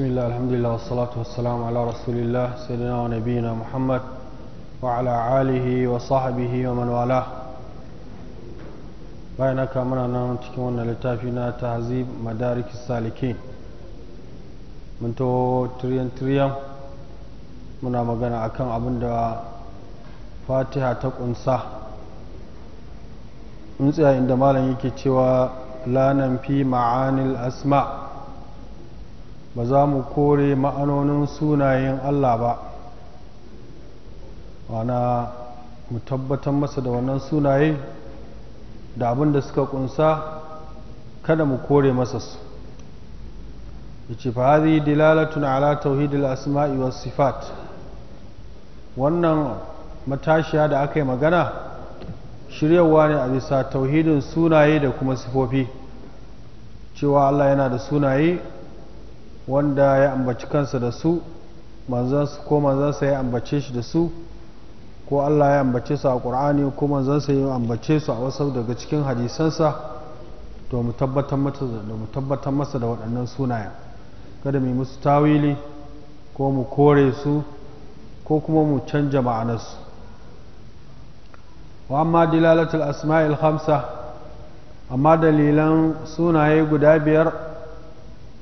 Bismillah, alhamdulillah, salatu wassalamu ala rasulillah, sayyidina wa nabiyina Muhammad wa ala alihi wa sahbihi wa man Bayan haka muna nan cikin wannan littafi na tahzib madariki salikin. Mun to tiriyan tiriyan muna magana akan abin da Fatiha ta kunsa. Mun tsaya inda malam yake cewa la fi ma'anil asma' ba za mu kore ma'anonin sunayen Allah ba wana mu tabbatar masa da wannan sunaye da abin da suka kunsa kada mu kore masa su ce fa hadhihi dilalatun ala tauhidil asma'i was sifat wannan matashiya da aka yi magana shiryawa ne a bisa tauhidin sunaye da kuma sifofi cewa Allah yana da sunaye wanda ya ambaci kansa da su manzansu ko manzansa ya ambace shi da su ko Allah ya ambace su a ƙur'ani ko manzansa ya ambace su a wasu daga cikin hadisansa to mu tabbatar masa da waɗannan sunayen kada mu musu tawili ko mu kore su ko kuma mu canja ma'anarsu wa amma dilalatul asma'il khamsa amma dalilan sunaye guda biyar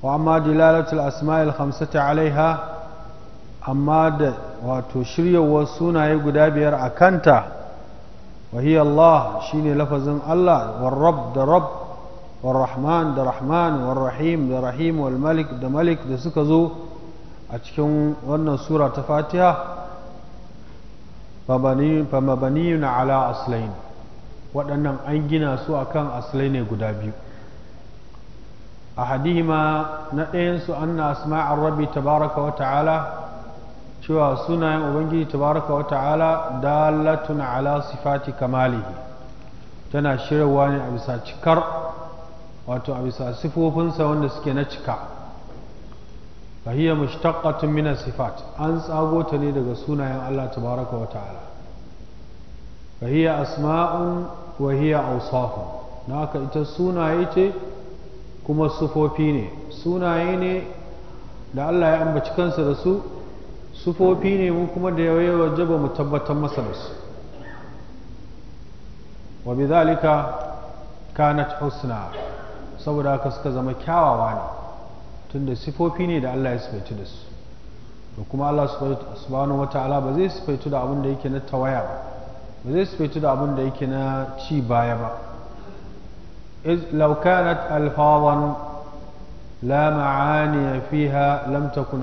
وأما دلالة الأسماء الخمسة عليها أما وتشري والسنة يقدابير أكنتا وهي الله شيني لفظ الله والرب ده رب والرحمن ده رحمن والرحيم ده رحيم والملك ده ملك ده سكزو أتكون وأن سورة فاتحة فمبني على أصلين waɗannan an gina su akan asalai ne guda biyu ma na ɗayansu anna asma'ar rabbi tabaraka wa ta'ala cewa sunayen ubangiji tabaraka wa ta'ala dalatun ala sifati kamalihi tana shirarwa ne a bisa cikar wato a bisa sifofinsa wanda suke na cika fahiyya mushtaqatun min sifat an tsago ta ne daga sunayen Allah tabaraka wa ta'ala fahiyya asma'un wa hiya awsafun na haka ita sunaye ce kuma sufofi ne sunaye ne da Allah ya ambaci kansa da su sufofi ne mun kuma da yawaye wajaba mu tabbatar masa da su wa zalika kanat husna saboda haka suka zama kyawawa ne tunda sifofi ne da Allah ya sifaitu da su da kuma Allah subhanahu wata'ala ba zai sifaitu da abin da yake na tawaya ba ba zai sifaitu da abin da yake na ci baya ba إذ لو كانت ألفاظا لا معاني فيها لم تكن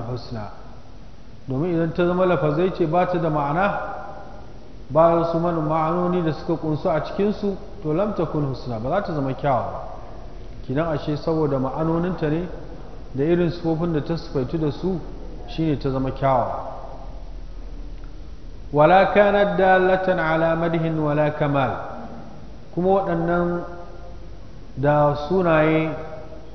domin idan ta zama lafazai ce ba ta da ma'ana ba su mana ma'anoni da suka kunsu a cikinsu to lamtakun husna ba za ta zama kyawa ba kidan ashe saboda ma'anoninta ne da irin sufofin da ta sufaitu da su shine ta zama kyawa wala kanat dalatan ala madhin wala kamal kuma waɗannan da sunaye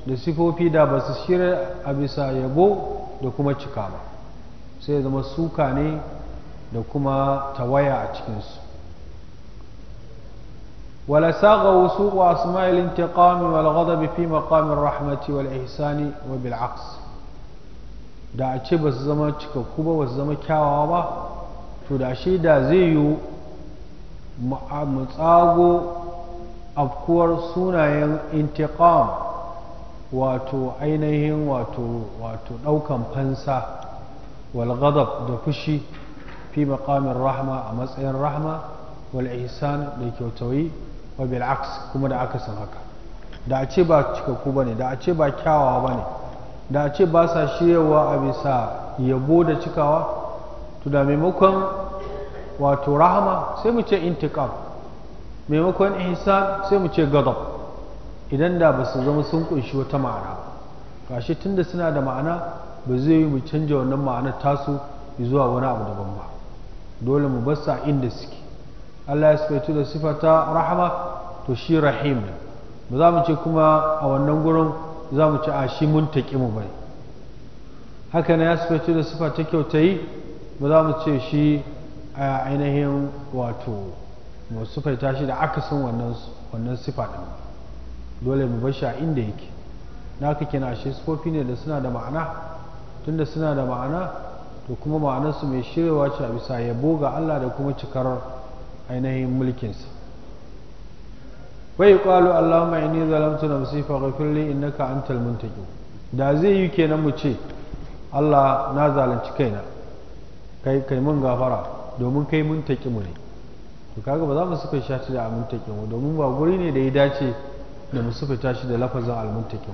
da sifofi da ba su shirya a bisa yabo da kuma cika ba sai zama suka ne da kuma tawaya a cikinsu wasu ولا ساغ وسوق fi fi rahmati rahmati مقام الرحمة wa bil'aks da a ce ba su zama cikakku ba ba su zama kyawawa ba to da shi da zai yi mu tsago afkuwar sunayen intiqam wato ainihin wato wato ɗaukan fansa walgadab da fushi fi maƙamin rahma a matsayin rahma wal ihsan da kyautayi wa bil aks kuma da aka san haka da a ce ba cikakku bane da a ce ba kyawawa ne da a ce ba sa shiryawa a bisa yabo da cikawa to maimakon wato rahama sai mu ce intiqam maimakon ihsan sai mu ce gadab idan da ba su zama sun kunshi wata ma'ana tun tunda suna da ma'ana ba zai yi mu canja wannan ma'anar tasu zuwa wani abu daban ba dole mu bar sa inda suke Allah ya sifaitu da sifata rahama to shi rahim ne ba za mu ce kuma a wannan gurin za mu ce a shi mun taƙi mu bai haka na ya sifaitu da sifa ta kyautayi ba za mu ce shi a ainihin wato su kai shi da aka wannan wannan sifa din dole mu bar shi a inda yake naka kina shi sufofi ne da suna da ma'ana tunda suna da ma'ana to kuma ma'anarsu mai shirewa ce a bisa yabo ga Allah da kuma cikar ainihin mulkinsu. bai kwalo Allahumma inni zalamtu nafsi faghfir li innaka antal muntaqim da zai yi kenan mu ce Allah na zalunci kaina kai kai mun gafara domin kai mun taƙi mu ne to kaga ba za mu suka shi da almuntakin domin ba guri ne da ya dace da mu suka tashi da lafazin almuntakin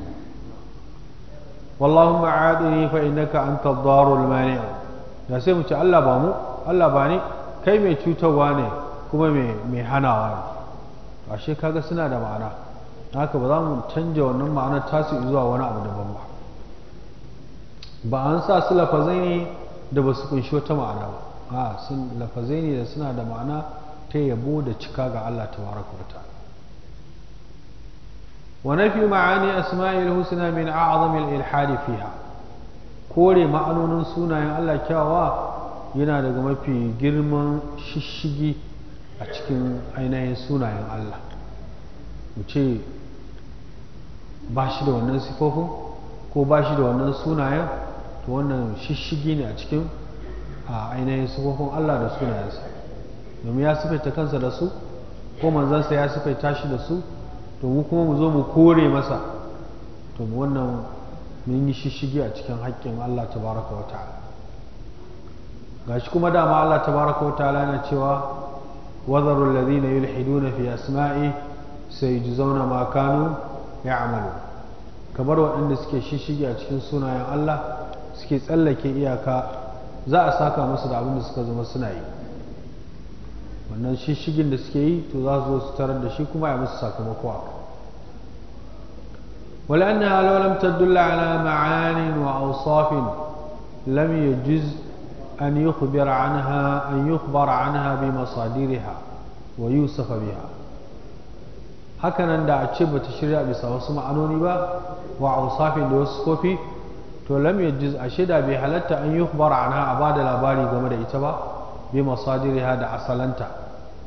wallahu ma'adini fa innaka anta darul mani da sai mu ce Allah ba mu Allah ba ne kai mai cutarwa ne kuma mai hanawa ne ashe kaga suna da ma'ana haka ba za mu canja wannan ma'anar tasu zuwa wani abu daban ba ba an sa su lafazai ne da ba su kunshi wata ma'ana ba a sun lafazai ne da suna da ma'ana ta yabo da cika ga Allah ta wa ta'ala wa fi ma'ani asma'il husna min a'zamil ilhadi fiha kore ma'anonin sunayen Allah kyawawa yana daga mafi girman shishigi a cikin ainihin sunayen Allah mu ce ba shi da wannan sifofin ko ba shi da wannan sunayen to wannan shishigi ne a cikin ainihin sifofin Allah da sunayensa domin ya sifaita kansa da su ko manzansa ya sifaita shi da su to mu kuma mu zo mu kore masa to wannan mun yi shishigi a cikin haƙƙin Allah tabaraka wa ta'ala gashi kuma dama Allah baraka wa ta'ala yana cewa wadharu alladhina yulhiduna fi asma'i sayujzauna ma kanu ya'malu kamar waɗanda suke shishigi a cikin sunayen Allah suke tsallake iyaka za a saka musu da abin da suka zama suna yi wannan shishigin da suke yi to za su zo su tarar da shi kuma ya musu sakamako a ولأنها لو لم تدل على معان وأوصاف لم يجز أن يخبر عنها أن يخبر عنها بمصادرها ويوصف بها hakanan da a ce bata ta shirya bisa wasu ma'anoni ba wa ausafin da wasu kofi to lam yajiz a shida bai halarta an yi kubara ana a ba da labari game da ita ba bi masadiriha da asalanta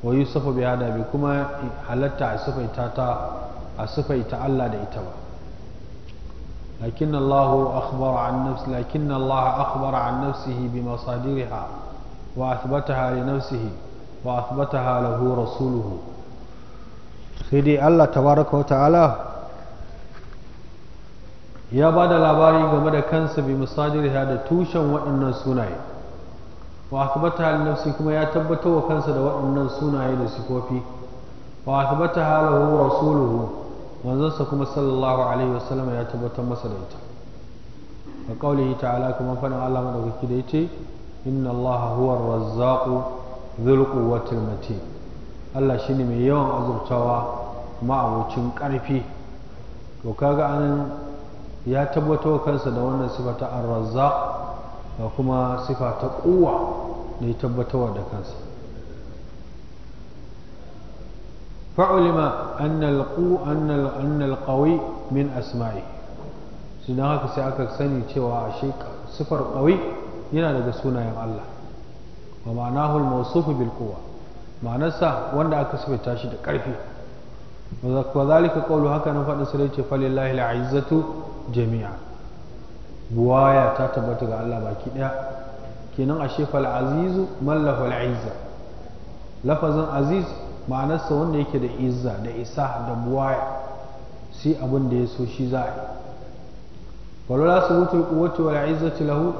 wa yusufu bi hada bi kuma halatta a sufaita ta a sufaita Allah da ita ba lakin Allah akhbar an nafsi lakin Allah akhbara an nafsihi bi masadiriha wa athbataha li nafsihi wa athbataha lahu rasuluhu sai dai Allah tabaraka wa ta'ala ya ba da labari game da kansa bi masadiriha da tushen waɗannan sunaye wa akbata hal nafsi kuma ya tabbatar wa kansa da waɗannan sunaye da sifofi wa akbata halahu rasuluhu manzansa kuma sallallahu alaihi wasallam ya tabbatar masa da ita wa qawlihi ta'ala kuma faɗin Allah madaukaki da yace inna Allah huwa ar-razzaqu dhul quwwati matin Allah shine mai yawan azurtawa ma'abucin ƙarfi to kaga anan ya tabbatar wa kansa da wannan sifata ar-razzaq ga kuma sifa ta kowa da ya tabbatarwa da kansa fa'ulima annal ƙawai min asma'i su haka sai aka sani cewa ashe sifar ƙawai yana daga sunayen Allah wa ma'anahul mawsufu bil quwwa ma'anarsa wanda aka sifaita shi da ƙarfi wa zalika qawlu haka nan faɗin sai ce falillahi la'izzatu jami'a buwaya ta tabbata ga Allah baki daya kenan ashe fal azizu mallafa al izza lafazin aziz ma'anarsa wanda yake da izza da isa da buwaya sai abin da ya so shi za a yi walola su wuce kuwace wala izzati lahu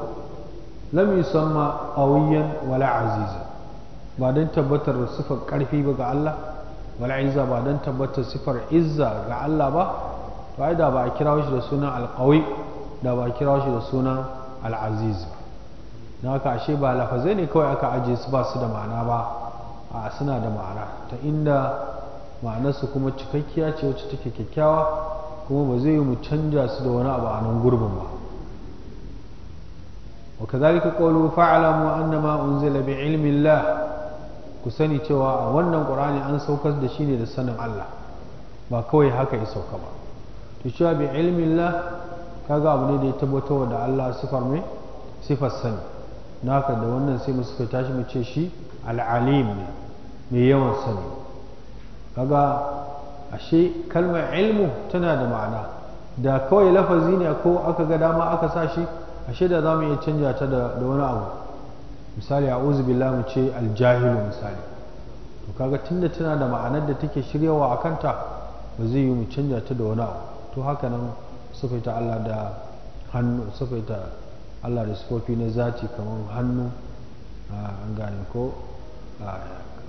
lam yusamma qawiyan wala aziza ba don tabbatar sifar karfi ba ga Allah wala izza ba don tabbatar sifar izza ga Allah ba to ai da ba a kira shi da sunan alqawi da ba kira shi da suna al'aziz na haka ashe ba lafazai ne kawai aka ajiye su ba su da ma'ana ba a suna da ma'ana ta inda ma'anarsu kuma cikakkiya ce wacce take kyakkyawa kuma ba zai yi mu canja su da wani abu a nan gurbin ba an قوله فاعلموا أنما أنزل بعلم la ku sani cewa a wannan ƙur'ani an saukar da shi ne da sanin Allah ba kawai haka ya sauka ba to cewa bi la. kaga abu ne da ya wa da Allah sifar mai sifar sani na haka da wannan sai mu suka tashi mu ce shi al'alim ne mai yawan sani kaga ashe kalmar ilmu tana da ma'ana da kawai lafazi ne ko aka ga dama aka sa shi ashe da za mu iya canja ta da wani abu misali a billah mu ce aljahilu misali to kaga tunda tana da ma'anar da take shiryawa a kanta ba zai yi mu canja ta da wani abu to haka nan suka yi ta Allah da hannu suka yi ta da sufofi na zaci kamar hannu an gane ko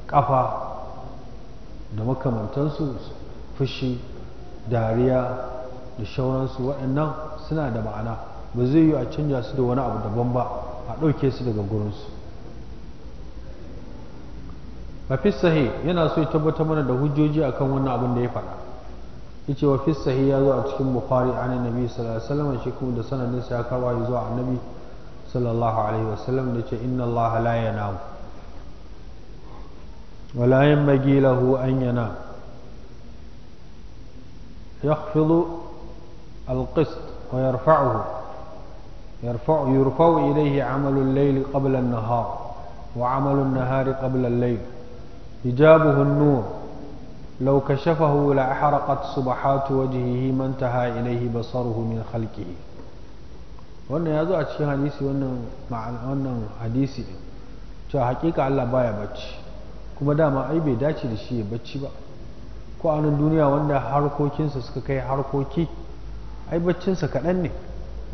kafa da makamantansu fushi dariya da shauransu waɗannan suna da ma'ana ba zai yi a canja su da wani abu daban ba a ɗauke su daga gurinsu mafi sahi yana so ya tabbatar mana da hujjoji akan wannan abin da ya faɗa yace wa fi sahih ya zo a cikin bukhari an annabi sallallahu alaihi wasallam shi kuma da sanadin sa ya karwa zuwa annabi sallallahu alaihi wasallam da yace inna allaha la yanam wa la yanbaghi lahu an yanam يخفض القسط ويرفعه يرفع يرفع إليه عمل الليل قبل النهار وعمل النهار قبل الليل حجابه النور لو كشفه لأحرقت صبحات وجهه من تهى إليه بصره من خلقه wannan ya zo a cikin hadisi wannan wannan hadisi To cewa hakika Allah baya bacci kuma dama ai bai dace da shi ya bacci ba ko a nan duniya wanda harkokinsa suka kai harkoki ai baccinsa kaɗan ne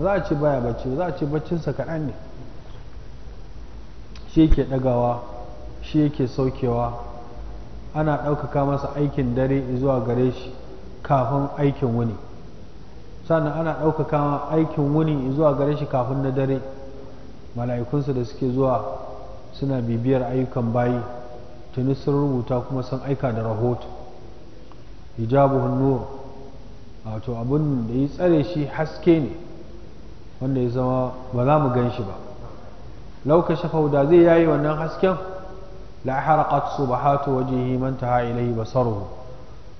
za a ce baya bacci za a ce baccinsa kaɗan ne shi yake ɗagawa shi yake saukewa ana ɗaukaka masa aikin dare zuwa gare shi kafin aikin wuni sannan ana ɗaukaka aikin wuni zuwa gare shi kafin na dare mala'ikunsa da suke zuwa suna bibiyar ayyukan bayi tuni sun rubuta kuma sun aika da rahoto hijabu hannu wato abin da ya tsare shi haske ne wanda ya zama ba za mu gan shi ba lauka shafau da zai yayi wannan hasken la haraqat subahatu wajhihi man taha ilayhi basaruhu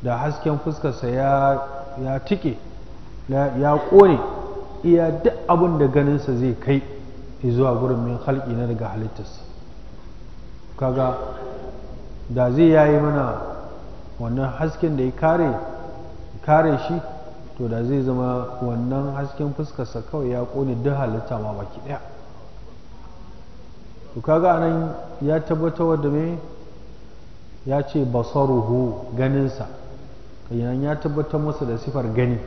da hasken fuskarsa ya ya tike ya kone iya duk abin da ganin sa zai kai zuwa gurin min khalqi na daga halittarsa kaga da zai yayi mana wannan hasken da ya kare kare shi to da zai zama wannan hasken fuskarsa kawai ya kone duk halitta ma baki daya to kaga anan ya tabbatar da me ya ce basaruhu ganinsa kayan ya tabbatar masa da sifar gani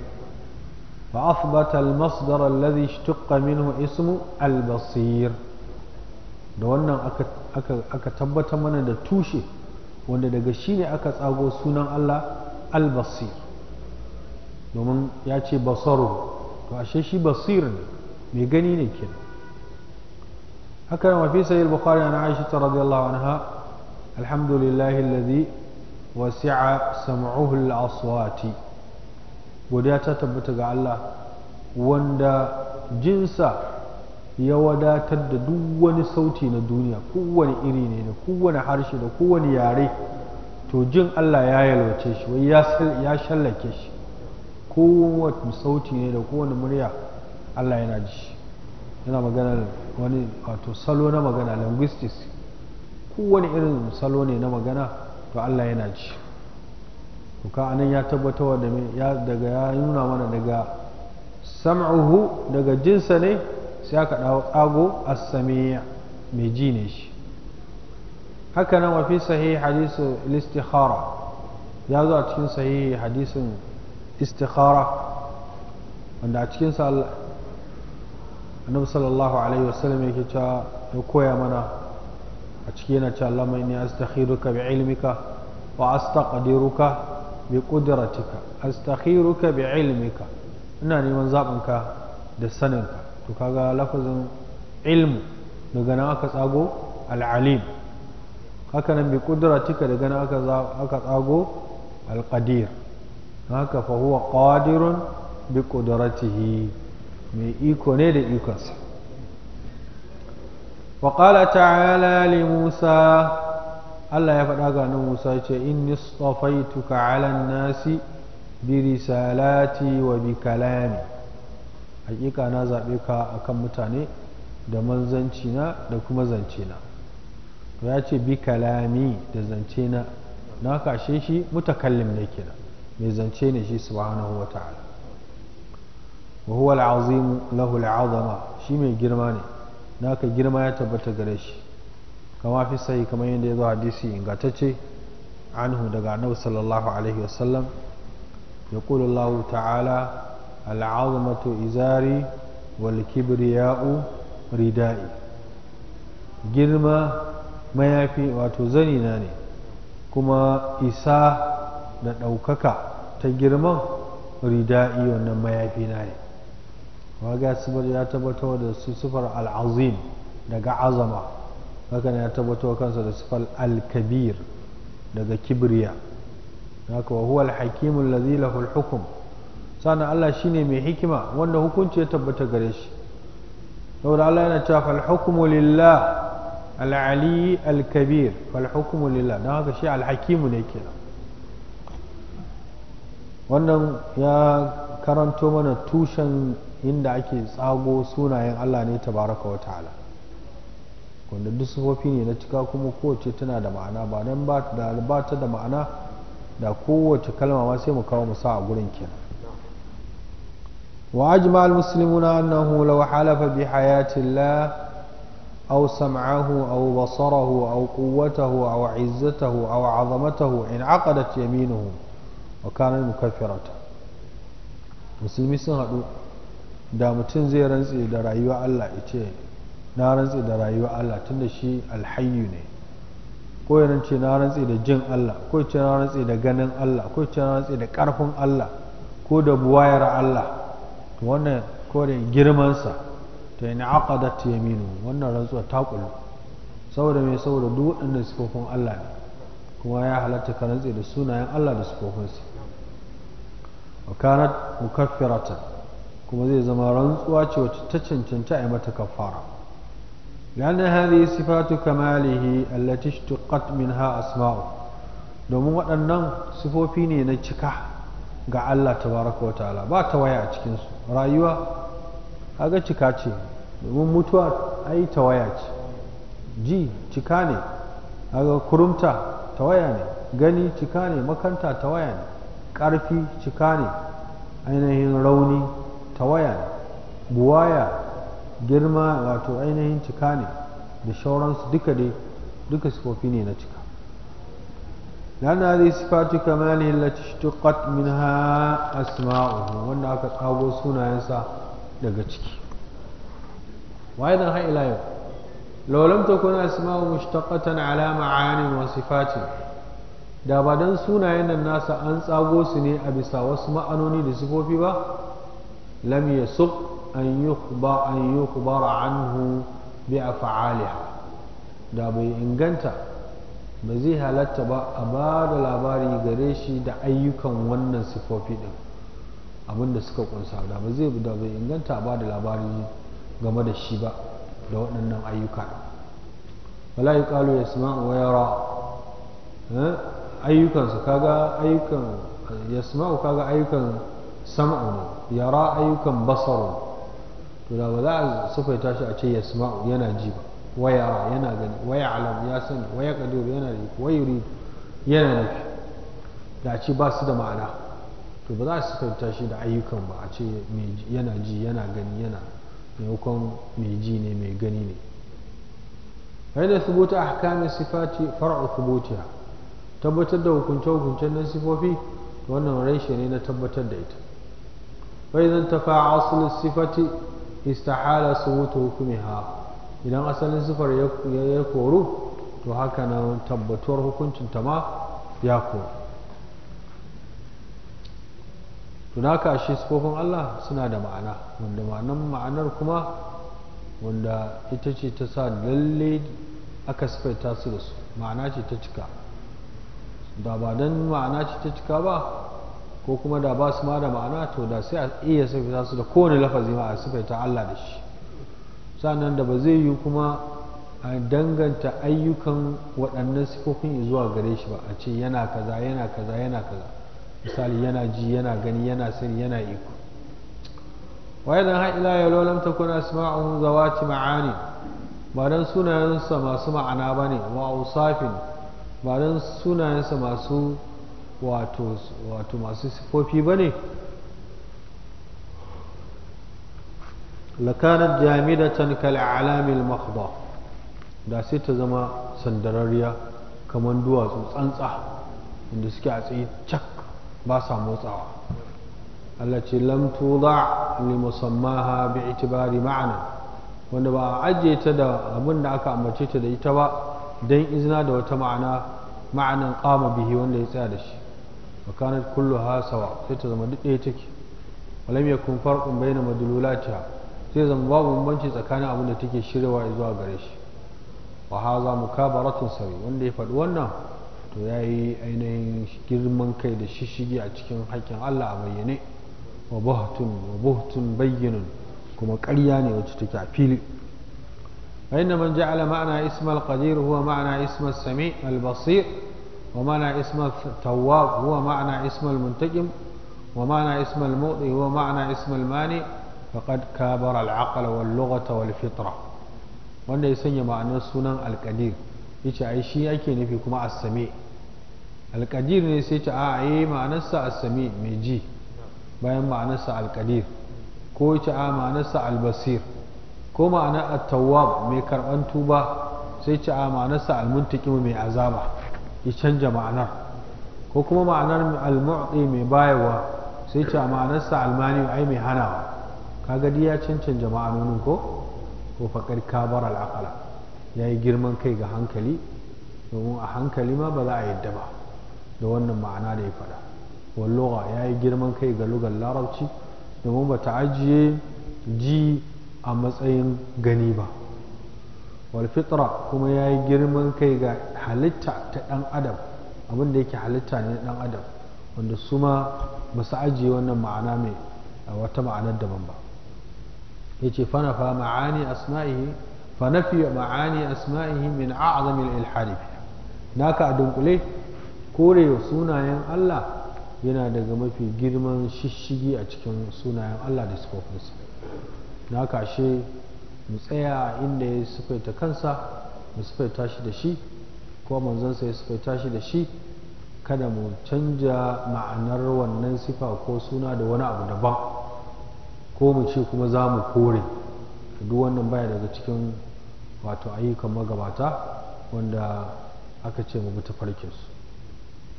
fa athbata al-masdar alladhi ishtaqqa minhu ismu al-basir da wannan aka tabbatar mana da tushe wanda daga shi ne aka tsago sunan Allah al-basir domin ya ce basaruhu to ashe shi basir ne mai gani ne kenan هكذا وفي سيد البخاري عن عائشة رضي الله عنها الحمد لله الذي وسع سمعه الأصوات godiya ta tabbata ga Allah wanda jinsa ya wadatar da duk wani sauti na duniya kowane iri ne da kowane harshe da kowane yare to jin Allah ya yalwace shi wai ya shallake shi kowane sauti ne da kowane murya Allah yana ji shi yana magana wani wato salo na magana linguistics kowane irin salo ne na magana to Allah yana ji to ka anan ya tabbatar da ya daga ya nuna mana daga sam'uhu daga jinsa ne sai aka dawo tsago as mai ji ne shi haka nan wa fi sahih hadisu istikhara ya zo a cikin sahih hadisin istikhara wanda a cikin sa annabi sallallahu alaihi wasallam yake cewa ya koya mana a ciki yana cewa mai inni astakhiruka bi ilmika wa astaqdiruka bi qudratika astakhiruka bi ilmika ina neman zabanka da saninka to kaga lafazin ilmu daga nan aka tsago al-alim haka nan bi qudratika daga nan aka tsago al-qadir haka fa huwa qadirun bi qudratihi mai iko ne da ikonsa waƙala ta'ala li musa allah ya faɗa ga nan musa ce in tsofaituka alan nasi bi risalati wa bi kalami hakika na zaɓe ka akan mutane da manzancina da kuma zancina to ya ce bi kalami da zancina na kashe shi mutakallim ne kenan mai zance ne shi subhanahu wa ta'ala wa huwa al'azim lahu al'azama shi mai girma ne naka girma ya tabbata gare shi kama fi sai kamar yadda ya zo hadisi ce anhu daga annabi sallallahu alaihi wasallam يقول الله تعالى العظمة إزاري والكبرياء ردائي girma mayafi wato zani ne kuma isa da ɗaukaka ta girman rida'i wannan mayafi ne waga sibar ya tabbatar da sifar al'azim daga azama hakan ya tabbatar kansa da sifar al-kabir daga kibriya haka wa huwa al-hakimu alladhi lahu al-hukm sannan Allah shine mai hikima wanda hukunci ya tabbata gare shi saboda Allah yana cewa fal hukmu lillah al-ali al-kabir fal hukmu lillah don haka shi al-hakimu ne kenan wannan ya karanto mana tushen inda ake tsago sunayen Allah ne ta baraka wa ta'ala wanda duk sufofi ne na cika kuma kowace tana da ma'ana ba nan ba da ta da ma'ana da kowace kalma ma sai mu kawo mu sa a gurin kenan wa ajma al muslimuna annahu law halafa bi hayati Allah أو سمعه أو بصره أو قوته أو عزته أو عظمته انعقدت يمينه وكان Musulmi sun haɗu. da mutum zai rantse da rayuwa Allah ya ce na rantse da rayuwa Allah da shi alhayyu ne ko ya rantse na rantse da jin Allah ko ya ce na rantse da ganin Allah ko ya ce na rantse da karfin Allah ko da buwayar Allah to wannan ko yi girmansa da ta aqadat yaminu wannan rantsuwa ta kullu saboda mai saboda duk waɗannan sifofin Allah ne kuma ya halatta ka rantse da sunayen Allah da sifofinsa wa kanat kuma zai zama rantsuwa ce wacce ta cancanta a mata kafara لأن sifatu kamalihi كماله التي min ha asma'u. domin waɗannan sifofi ne na cika ga Allah tabaraka wa ta'ala ba ta waya a cikinsu rayuwa haga cika ce domin mutuwa ai ta waya ce ji cika ne haga kurumta ta waya ne gani cika ne makanta ta waya ne ƙarfi cika ne ainihin rauni tawaya buwaya girma wato ainihin cika ne da shauransu duka dai duka sifofi ne na cika na zai sifatu kamani lati shtuqat a asma'uhu wanda aka kago sunayensa daga ciki waye dan har ila yau kuna lam takun asma'u mushtaqatan ala ma'ani wa sifati da ba don sunayen nan nasa an tsago su ne a bisa wasu ma'anoni da sifofi ba lam yasuq an yukhba an yukhbara anhu bi af'aliha da bai inganta ba zai halatta ba a ba da labari gare shi da ayyukan wannan sifofi din abinda suka kunsa da ba zai da bai inganta ba da labari game da shi ba da waɗannan ayyuka wala yuqalu yasma'u wa yara ayyukansu kaga ayyukan yasma'u kaga ayyukan sam'u ne yara ayyukan basaru to da ba za a sufaita shi a ce yasma'u yana ji ba wa yana gani waya ya'lam ya sani waya yaqdir yana da wa yana da da ce ba su da ma'ana to ba za su sufaita shi da ayyukan ba a ce yana ji yana gani yana maimakon mai ji ne mai gani ne فإن ثبوت أحكام الصفات فرع ثبوتها tabbatar da hukunce-hukuncen nan sifofi wannan reshe ne na tabbatar da ita فإذا انتفى أصل الصفة استحال ثبوت حكمها idan asalin sifar ya koru to haka nan tabbatuwar hukuncinta ma ya koru tunaka shi sifofin Allah suna da ma'ana wanda ma'anar kuma wanda ita ce ta sa lalle aka sifaita su da su ma'ana ce ta cika da ba don ma'ana ce ba ko kuma da ba su ma da ma'ana to da sai a iya sifaita su da kowane lafazi ma a sifaita Allah da shi sannan da ba zai yi kuma a danganta ayyukan waɗannan sifofin zuwa gare shi ba a ce yana kaza yana kaza yana kaza misali yana ji yana gani yana sani yana iko wa idan har ila yau lam takuna asma'uhum zawati ma'ani ba dan sunayensa masu ma'ana bane wa ausafin ba dan sunayensa masu wato masu sifofi ba ne lakanat jamidatan kal'alamil makhda da sai ta zama sandararriya kamar duwatsu tsantsa inda suke a tsaye cak ba sa motsawa Allah ce lam tuda li musammaha bi itibari ma'ana wanda ba a ajiye ta da abin da aka ambace ta da ita ba don izina da wata ma'ana ma'anan kama bihi wanda ya tsaya da shi wa kanat kulluha sawa sai ta zama duk ɗaya take walam yakun farqun baina madlulatiha sai zama babu bambanci tsakanin abin da take shiryawa zuwa gare shi wa haza mukabaratun sawi wanda ya faɗi wannan to ya yi ainihin girman kai da shishigi a cikin haƙƙin Allah a bayyane wa buhtun wa buhtun bayyinun kuma karya ne wacce take a fili فإن من جعل معنى اسم القدير ma'ana معنى اسم al-Basir? ومعنى اسم التواب هو معنى اسم المنتجم ومعنى اسم المؤذي هو معنى اسم الماني فقد كابر العقل واللغة والفطرة وانا يسنى معنى سنن القدير يتش اي شيء اكي نفي كما السميع القدير نسيت آه، اي معنى سا السميع ميجي بين معنى سا القدير كو يتش اي آه، معنى سا البصير كو معنى التواب ميكر انتوبة سيتش اي آه، معنى سا المنتجم مي عزامه ya canja ma'anar ko kuma ma'anar al-mu'ti mai bayarwa sai ce a ma'anarsa almani ai mai hana hanawa kaga dai ya cancanta ma'anonin ko ko faƙar kabar al'aqala ya yi girman kai ga hankali domin a hankali ma ba za a yadda ba da wannan ma'ana da ya faɗa walloga ya yi girman kai ga lugar larabci domin ba ta ajiye ji a matsayin gani ba Walfitra kuma ya yi girman kai ga halitta ta ɗan adam abin da yake halitta ne ɗan adam wanda su ma ba su ajiye wannan ma'ana mai wata ma'anar daban ba ya ce fana fa ma'ani asma'ihi fa nafi ma'ani asma'ihi min a'azamil ilhadi naka a dunkule kore sunayen Allah yana daga mafi girman shishigi a cikin sunayen Allah da sufofinsa naka shi mu tsaya inda ya sufaita kansa mu sufaita shi da shi ko manzansa ya sufaita shi da shi kada mu canja ma'anar wannan sifa ko suna da wani abu daban ko mu ce kuma za mu kore duk wannan baya daga cikin wato ayyukan magabata wanda aka ce mu bi su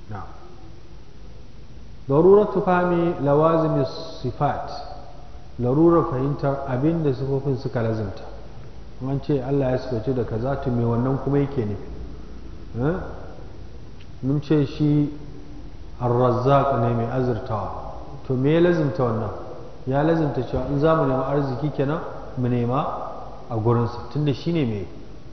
na ضرورة فهم لوازم الصفات larurar fahimtar abin da sifofin suka lazimta an ce Allah ya sukaci da kaza to mai wannan kuma yake ne eh? mun ce shi arrazzaq ne mai azurtawa to me ya lazimta wannan ya lazimta cewa in za mu nema arziki kenan mu nema a gurinsa tunda shi ne mai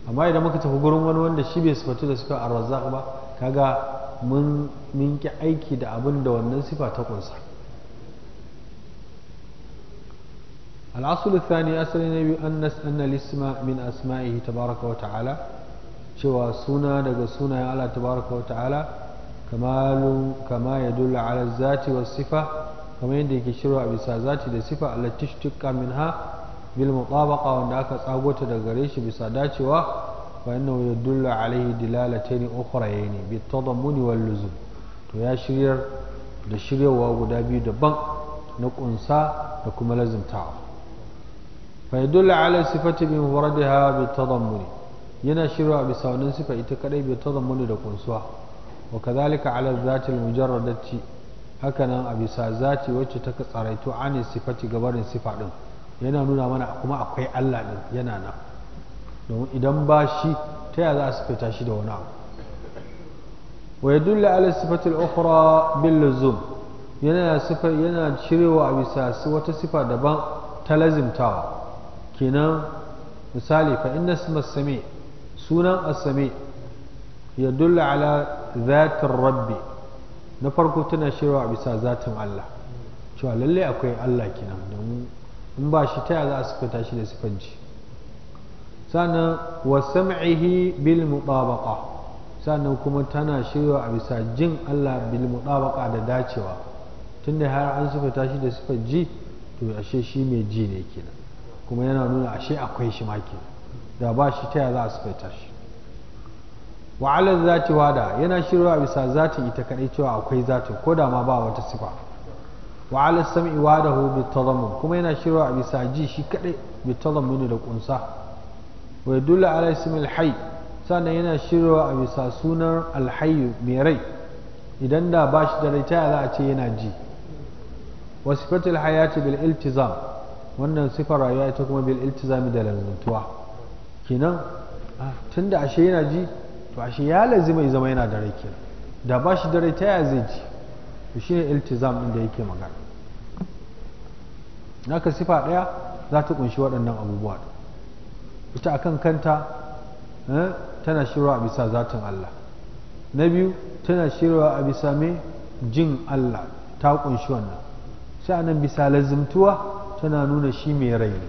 amma idan muka tafi gurin wani wanda shi bai sifatu da suka arrazzaq ba kaga mun yanke aiki da abin da wannan sifa ta kunsa الأصل الثاني أصل النبي أن أن الاسم من أسمائه تبارك وتعالى شوى سنة دق سنة الله تبارك وتعالى كمال كما يدل على الذات والصفة كما يندك شروع بسا ذات الصفة التي تشتق منها بالمطابقة وأن أكس أبوت دقريش بسا داتشوى فإنه يدل عليه دلالتين أخرين بالتضمن واللزوم ويا شرير da shiryawa guda biyu daban na ƙunsa da kuma lazimtawa fa yadullu ala sifati bi mufradiha bi tadammuni yana shirwa bisa wannan sifa ita kadai bi tadammuni da kunsuwa wa kadhalika ala zati mujarradati hakanan a bisa zati wacce ta tsaraitu ani sifati gabarin sifa din yana nuna mana kuma akwai Allah din yana na, domin idan ba shi ta yaya za a sifata shi da wani abu wa yadullu ala sifati al-ukhra bil luzum yana sifa yana cirewa a wata sifa daban ta lazimtawa kenan misali fa inna sami sunan asami ya dulla ala zatin rabbi na farko tana shirwa bisa zatin Allah cewa lallai akwai Allah kenan domin in ba shi ta za a sifanta shi da sifanci sannan wa sam'ihi bil mutabaqa sannan kuma tana shirwa a bisa jin Allah bil mutabaqa da dacewa tunda har an sifanta shi da sifar ji to ashe shi mai ji ne kenan kuma yana nuna ashe akwai shi maki da ba shi ta za a sufaita shi wa'alar zati wada yana shirwa bisa zati ita kadai cewa akwai zati ko da ma ba wata sifa wa'alar sam'i wada hu bi kuma yana shirwa bisa ji shi kadai bi tazammun da kunsa wa yadullu ala ismil hayy sannan yana shirwa a bisa sunan alhayyu mai rai idan da ba shi da rai ta za a ce yana ji wasifatul hayati bil iltizam wannan sifar rayuwa ita kuma bil iltizami da lazimtuwa. kenan tunda ashe yana ji to ashe ya lazima ya zama yana da rai kenan da ba shi da rai ta yaya zai ji to shine iltizam din da yake magana naka sifa daya za ta kunshi waɗannan abubuwa ita akan kanta eh, tana shirwa a bisa zatin Allah na biyu tana shirwa a bisa mai jin Allah ta kunshi wannan sai anan bisa lazimtuwa tana nuna shi mai rai ne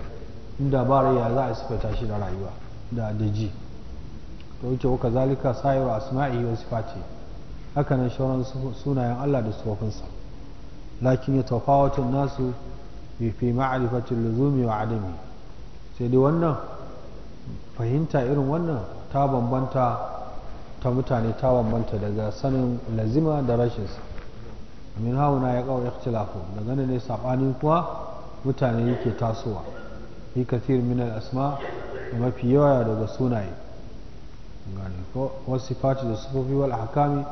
inda ba rai ya za a sifata shi da rayuwa da da ji to yake wa kazalika sa'iru asma'i wa sifati haka nan shauran sunayen Allah da sufofinsa lakin ya tafawatu nasu fi ma'rifati luzumi wa adami sai dai wannan fahimta irin wannan ta bambanta ta mutane ta bambanta daga sanin lazima da rashinsa min hauna ya kawo ikhtilafu daga ne sabanin kuwa mutane yake tasowa yi kathir min asma da mafi yawa daga sunaye wasu fati da sufofi wal hakami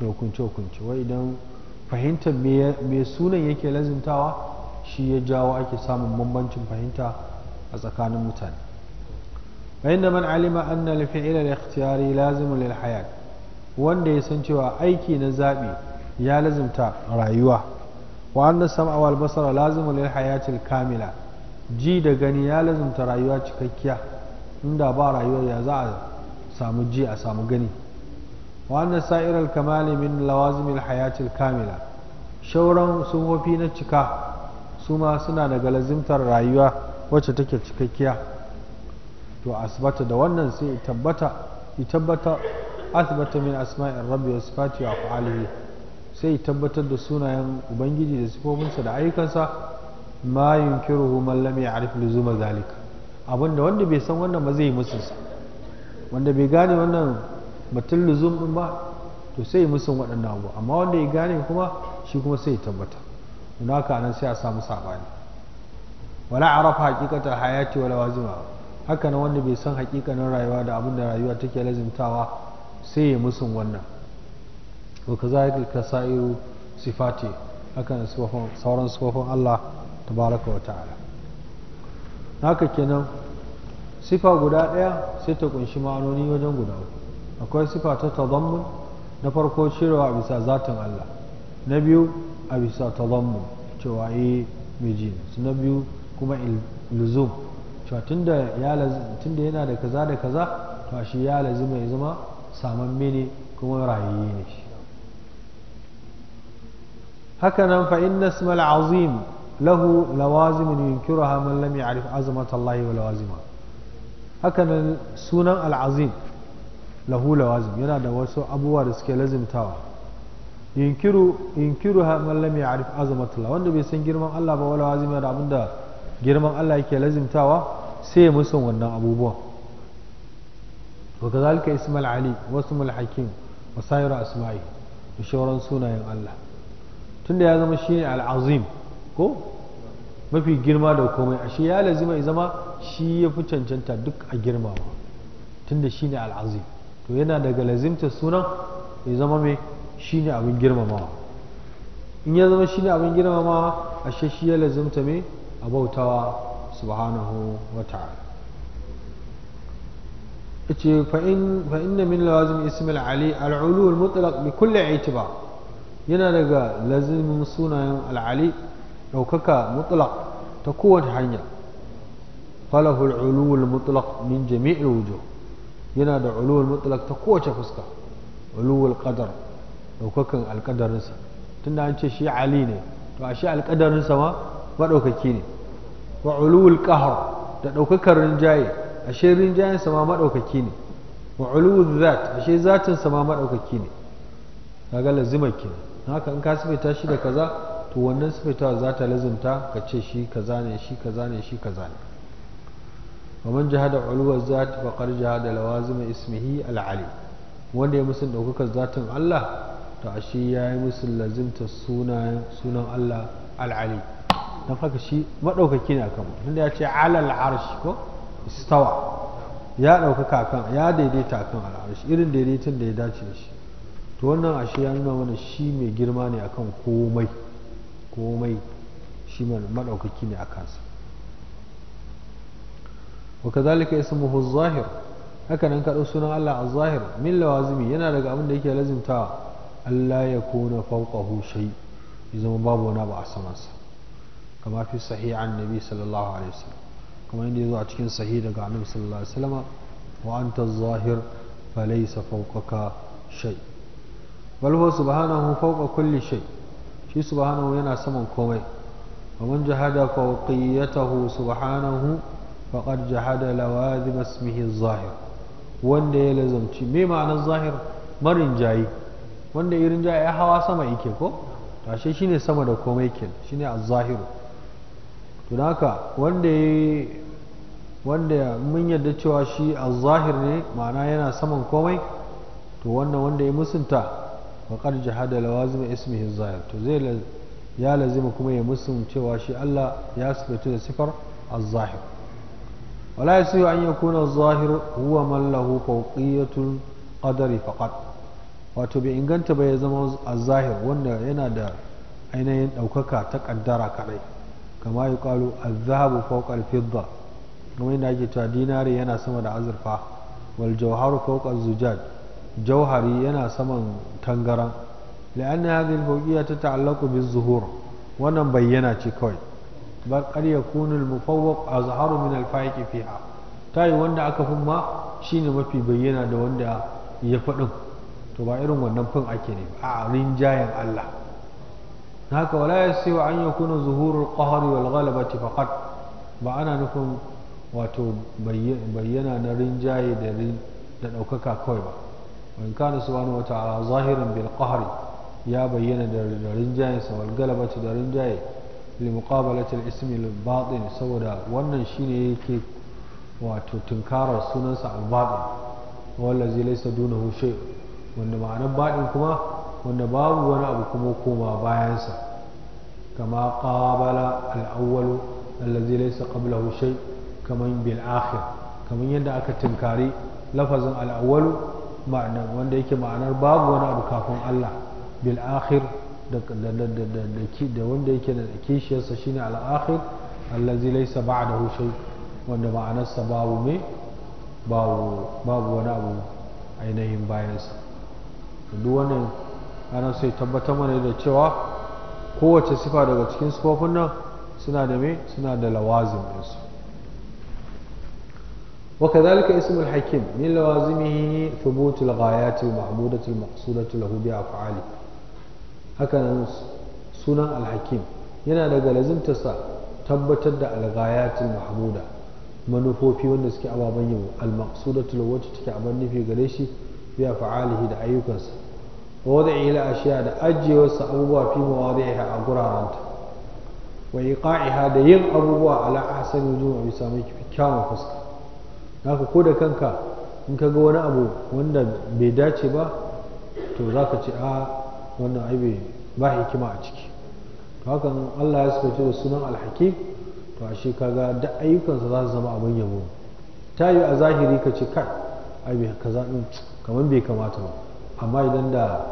da hukunce hukunce wai idan fahimtar me sunan yake lazimtawa shi ya jawo ake samun bambancin fahimta a tsakanin mutane فإن من علم أن الفعل الاختياري لازم للحياة wanda ya san cewa aiki na zaɓi ya lazimta rayuwa wa anna sam'a wal basara lazim lil hayatil kamila ji da gani ya lazumta rayuwa cikakkiya inda ba rayuwa ya za a samu ji a samu gani wa anna sa'iral kamali min hayatil kamila shauran sumofi na cika su ma suna daga lazimtar rayuwa wacce take cikakkiya to asbata da wannan sai tabbata tabbata asbata min asma'in rabbi wa sifati wa sai tabbatar da sunayen ubangiji da sifofinsa da ayyukansa ma yunkiruhu man lam ya'rif luzuma zalika abinda wanda bai san wannan ba zai yi musun sa wanda bai gane wannan batun luzum din ba to sai yi musun waɗannan abu amma wanda ya gane kuma shi kuma sai ya tabbata don haka nan sai a samu sabani wala arafa haqiqatal hayati wala wazima haka nan wanda bai san haƙiƙanin rayuwa da abin da rayuwa take lazimtawa sai ya musun wannan wa kazalika kasairu sifati hakan sauran sifofin Allah tabaraka wa ta'ala haka kenan sifa guda ɗaya sai ta kunshi ma'anoni wajen guda uku akwai sifa ta tazammun na farko cirewa a bisa zatin Allah na biyu a bisa tazammun cewa meji miji na biyu kuma ilzum cewa tunda yana da kaza da kaza to shi ya lazima ya zama saman mini kuma rayayye ne shi hakanan fa inna ismal azim lahu lawazimin yunkiruha man lam ya'rif azmat Allah wa lawazima hakanan sunan al'azim lahu lawazim yana da wasu abubuwa da suke lazimtawa yunkiru yunkiruha man lam ya'rif azmat Allah wanda bai san girman Allah ba wa lawazima da abinda girman Allah yake lazimtawa sai musu wannan abubuwan wa kazalika ismal ali wa ismul hakim wa sayru asma'i da shauran sunayen Allah tunda ya zama shi al'azim ko mafi girma da komai ashe ya lazima ya zama shi ya fi cancanta duk a girmama tunda shi ne al'azim to yana daga lazimta sunan ya zama mai shi ne abin girmamawa in ya zama shi ne abin girmamawa ashe shi ya lazimta mai a bautawa subhanahu wa ta'ala ce fa'in na min lawazin ismail ali al'ulu al-mutlaq bi kulli itibar yana daga lazimin sunayen al'ali ɗaukaka mutlaq ta kowace hanya falahul uluwul mutlaq min jami'il wujuh yana da uluwul mutlaq ta kowace fuska uluwul qadar ɗaukakan alƙadarinsa tunda an ce shi ali ne to a shi alƙadarinsa ma maɗaukaki ne wa uluwul qahar da ɗaukakar rinjaye a shi rinjayensa ma maɗaukaki ne wa uluwul zat a shi zatinsa ma maɗaukaki ne kaga lazimar kenan haka in ka sifaita shi da kaza to wannan sifaitawa za ta lazimta ka ce shi kaza ne shi kaza ne shi kaza ne ومن zati علو qad jahada lawazim ismihi al-ali wanda ya musun ɗaukakar zatin Allah to ashe ya yi musu lazimta sunan Allah al'ali don haka shi maɗaukaki ne akan inda ya ce alal arsh ko istawa ya dauka kan ya daidaita akan arsh irin daidaitin da ya dace da shi to wannan ashe ya nuna mana shi mai girma ne akan komai komai shi maɗaukaki ne a kansa wa kazalika ismuhu zahir haka nan kaɗo sunan Allah a zahir min lawazimi yana daga abin da yake lazimtawa Allah ya kona fawqahu shay ya zama babu wani ba a samansa kama fi sahih nabi sallallahu alaihi wasallam kuma inda yazo a cikin sahih daga annabi sallallahu alaihi wasallam wa anta zahir falaysa fawqaka shay' bal subhanahu fawqa kulli shay shi subhanahu yana saman komai wa man jahada fawqiyatahu subhanahu faqad jahada lawazim ismihi zahir wanda ya lazumci me ma'anar zahir marin jayi wanda irin jayi ya hawa sama yake ko tashe shine sama da komai ke shine az-zahiru to haka wanda ya wanda mun yarda cewa shi az-zahir ne ma'ana yana saman komai to wannan wanda ya musunta faƙar jihada lawazim ismihi zahir to zai ya lazima kuma ya musun cewa shi Allah ya sifatu da sifar az-zahir wala yasihu an yakuna az-zahir huwa man lahu fawqiyatul qadari faqat wato bai inganta ba ya zama az-zahir wanda yana da ainihin ɗaukaka ta ƙaddara kaɗai kama yi ƙalu az-zahabu fawqa al-fidda kamar yadda ake dinari yana sama da azurfa wal jawharu fawqa az-zujaj jauhari yana saman tangaran la'anna hadhihi al-fawqiyya tata'allaqu biz-zuhur wannan bayyana ce kawai bar qad yakunu al-mufawwaq azharu min al-fa'iq fiha tayi wanda aka fi ma shine mafi bayyana da wanda ya faɗin to ba irin wannan fin ake ne a rinjayen Allah haka wala yasiu an zuhur zuhurul qahri wal ghalabati faqat ba ana nufin wato bayyana na rinjaye da da ɗaukaka kawai ba وإن كان سبحانه وتعالى ظاهرا بالقهر يا بينا درنجاي سوى القلبة درنجاي لمقابلة الاسم الباطن سودا وانا شيني كي wato tunkarar sunansa albaɗin wallazi laisa dunahu shay wanda ma'anar baɗin kuma wanda babu wani abu kuma bayansa kama qabala al-awwal allazi laysa qablahu shay kaman bil akhir kaman yadda aka tunkari lafazin al ma'anar wanda yake ma'anar babu wani abu kafin Allah bil akhir da wanda yake da kishiyarsa shine al akhir allazi laysa ba'dahu shay wanda ma'anarsa babu me babu babu wani abu ainihin sa duk wannan ana sai tabbatar mana da cewa kowace sifa daga cikin sifofin nan suna da me suna da lawazim su وكذلك اسم الحكيم من لوازمه ثبوت الغايات المحمودة المقصودة له بأفعاله هكذا سنة الحكيم ينا daga lazimtarsa tabbatar da alghayatul mahmuda manufofi wanda suke ababen yabo almaqsudatu wacce take abin nufi gare shi bi af'alihi da ayyukansa wa wada'i ila ashiya da ajiyewarsa abubuwa fi mawadi'iha a guraranta wa iqa'iha da yin abubuwa ala ahsani wujuh sami fuska haka ko da kanka in ka ga wani abu wanda bai dace ba to za ka ce a wannan ai ba hikima a ciki to hakan Allah ya siface da sunan alhakim to ashe ga da ayyukansa za su zama abin yabo ta yi a zahiri ka ce kai ai bai kaza din kamar bai kamata ba amma idan da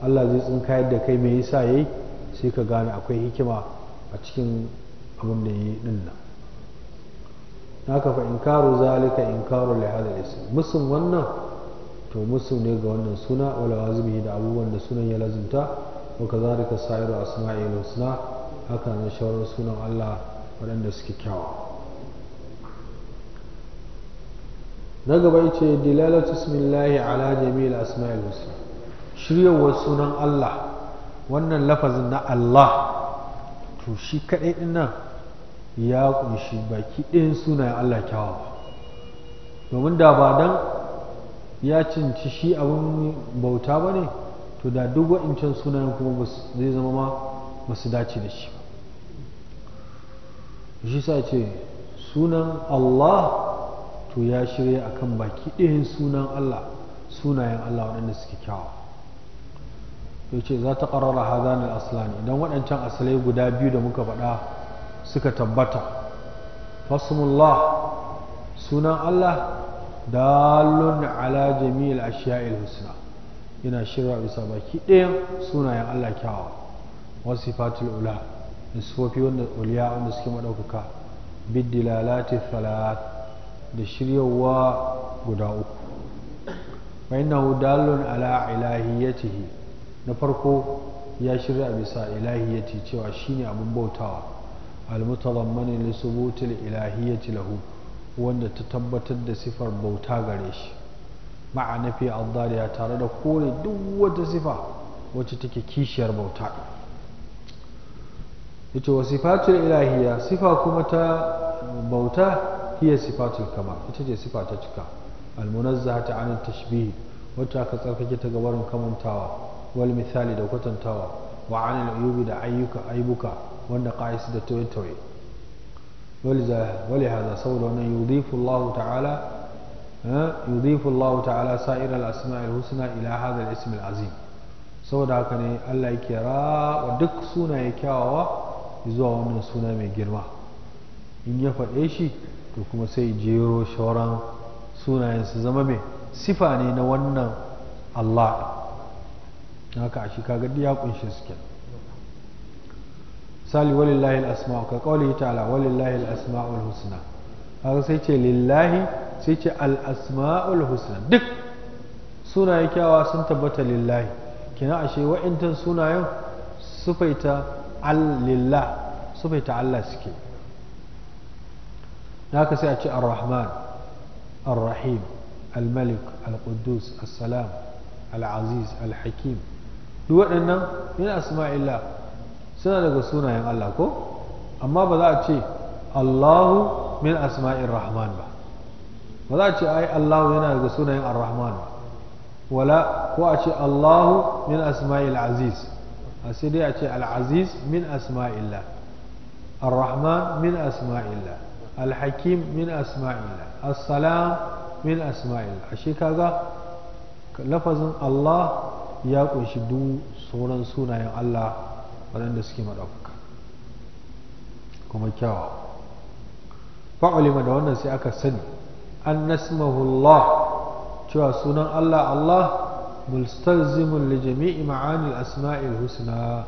Allah zai tsinka da kai me yasa yayi sai ka gane akwai hikima a cikin abin da ya yi ɗin nan haka fa inkaru zalika karu la hada ism musun wannan to musu ne ga wannan suna wala wazimi da abubuwan da sunan ya lazimta wa kazalika sa'iru asma'il husna haka ne shawarar sunan Allah waɗanda suke kyawa na gaba yace dilalatu bismillahi ala jami'il asma'il husna shiryawar sunan Allah wannan lafazin na Allah to shi kadai dinnan ya kunshi baki ɗayan sunayen Allah kyawawa domin da ba dan ya cinci shi abin bauta ba ne to da duk wa'incan sunayen kuma zai zama ma masu dace da shi shi sa ce sunan Allah to ya shirya akan baki ɗin sunan Allah sunayen Allah waɗanda suke kyawa ya ce za ta ƙarara hazanin aslani idan waɗancan asalai guda biyu da muka faɗa suka tabbata fasmullah sunan Allah dalun ala jami'il ashiya'il husna yana shirya bisa baki ɗayan sunayen Allah kyawa. wasu fatul ula da wanda uliya wanda suke maɗaukaka biddilalati thalat da shiryawa guda uku fa innahu dalun ala ilahiyatihi na farko ya shirya bisa ilahiyati cewa shine abin bautawa المتضمن لثبوت الإلهية lahu, wanda ta tabbatar da sifar bauta gare shi ma'a nafi al-dariya tare da kone duk wata sifa wacce take kishiyar bauta yace wa sifatul ilahiyya sifa kuma ta bauta hiya sifatul kamal ita ce sifa ta cika al-munazzahatu an tashbih wacce aka tsarkake ta gabarin kamantawa wal misali da kwatantawa wa an al-uyubi da ayyuka aibuka wanda qa'is da toyin tauye ولهذا yudifu Allah ta'ala sa'ir al-asma al-husna ila hada al-ism al azim saboda haka ne Allah yake ra wa duk sunaye kyawawa zuwa wannan suna mai girma in ya faɗe shi to kuma sai jero shauran sunayen su zama mai sifa ne na wannan Allah haka a shi kaga ya kunshe su kenan misali walillahi al-asma'u ka qawlihi ta'ala walillahi asmaul husna haka sai ce lillahi sai ce al-asma'ul husna duk sunaye kyawa sun tabbata lillahi kina ashe wa'intan sunayen sufaita al-lillah sufaita Allah suke haka sai a ce ar-rahman ar-rahim al-malik al-quddus as-salam al-aziz al-hakim duk waɗannan yana asma'illah suna daga sunayen Allah ko amma ba za a ce Allahu min asma'ir rahman ba ba za a ce ai Allahu yana daga sunayen ar-rahman ba wala ko a ce Allahu min asma'il aziz a sai dai a ce al-aziz min asma'illah ar-rahman min asma'illah al-hakim min asma'illah as-salam min asma'illah ashe kaga lafazin Allah ya kunshi duk sauran sunayen Allah waɗanda suke maɗaukaka kuma kyawa fa'ulima da wannan sai aka sani an nasmahullah cewa sunan Allah Allah mulstazimun li jami'i ma'anil asma'il husna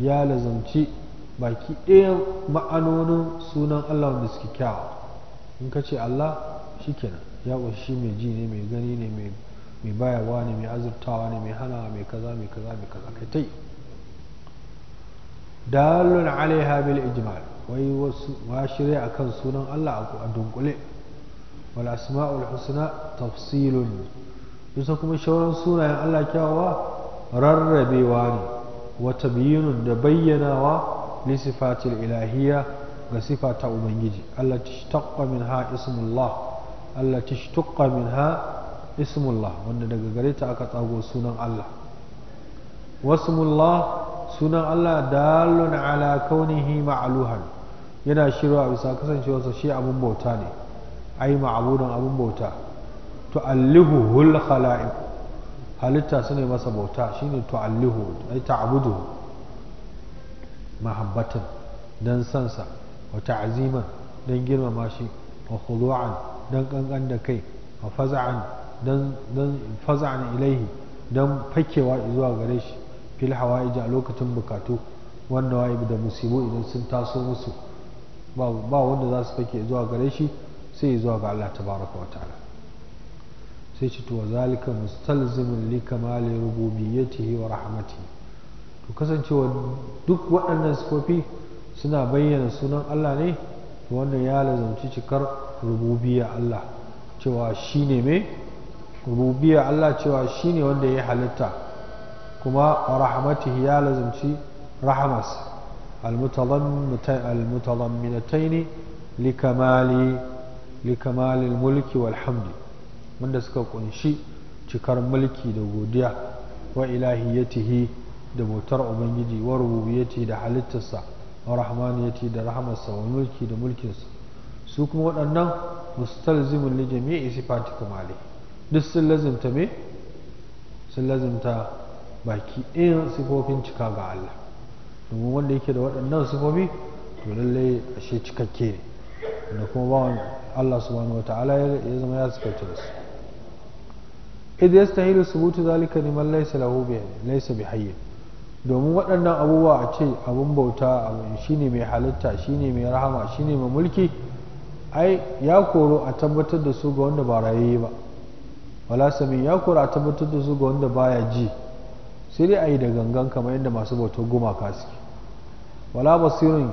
ya lazamci baki ɗaya ma'anonin sunan Allah wanda suke kyawa in ka ce Allah kenan ya ƙunshi mai ji ne mai gani ne mai bayarwa ne mai azurtawa ne mai hana mai kaza mai kaza mai kaza kai dalun alaiha bil ijmal wai wasu a kan sunan Allah a dunkule wal asma'ul husna tafsilun kuma shauran sunayen Allah kyawawa rarrabewa ne wa tabyinun da bayyanawa li sifatil ilahiyya ga sifa ta ubangiji Allah tishtaqqa minha ismullah Allah tishtaqqa ha ismullah wanda daga gare ta aka tsago sunan Allah wasmullah sunan Allah dalun ala kaunihi ma'aluhan yana shirwa a bisa kasancewarsa shi abun bauta ne ai ma'abudan abin bauta to allihu hul khala'iq halitta su ne masa bauta shine allihu ai ta'budu mahabbatan dan sansa wa ta'ziman dan girmama shi wa khudu'an dan kankan da kai wa faza'an dan ilaihi dan fakewa zuwa gare shi fil hawaiji a lokacin bukatu wanda wa da musibu idan sun taso musu ba wanda za su fake zuwa gare shi sai zuwa ga Allah ta baraka wa ta'ala sai ci tuwa zalika rububi ya kamali rububiyyatihi wa rahamati. to kasancewa duk waɗannan sifofi suna bayyana sunan Allah ne to wannan ya lazanci cikar rububiyya Allah cewa shine mai rububiyya Allah cewa shine wanda ya halitta kuma rahmatihi ya lazumci rahamas almutalamminataini likamali mulki walhamdi wanda suka kunshi cikar mulki da godiya wa ilahiyatihi da motar ubangiji wa rububiyati da halittarsa wa rahmaniyati da rahamarsa wa mulki da mulkinsa su kuma waɗannan mustalzimin lijamii jami'i sifati kamali duk sun lazimta me sun lazimta baki ɗayan sifofin cika ga Allah domin wanda yake da waɗannan sifofi to lallai ashe cikakke ne da kuma bawan Allah subhanahu wata'ala ya zama ya siface da su idh su subutu zalika neman laisa lahu Laisa bi hayy domin waɗannan abubuwa a ce abun bauta shi shine mai halitta shine mai rahama shine mai mulki ai ya koro a tabbatar da su ga wanda ba rayayye ba wala sami ya koro a tabbatar da su ga wanda baya ji sai dai a yi da gangan kamar yadda masu bauta gumaka suke wala basirin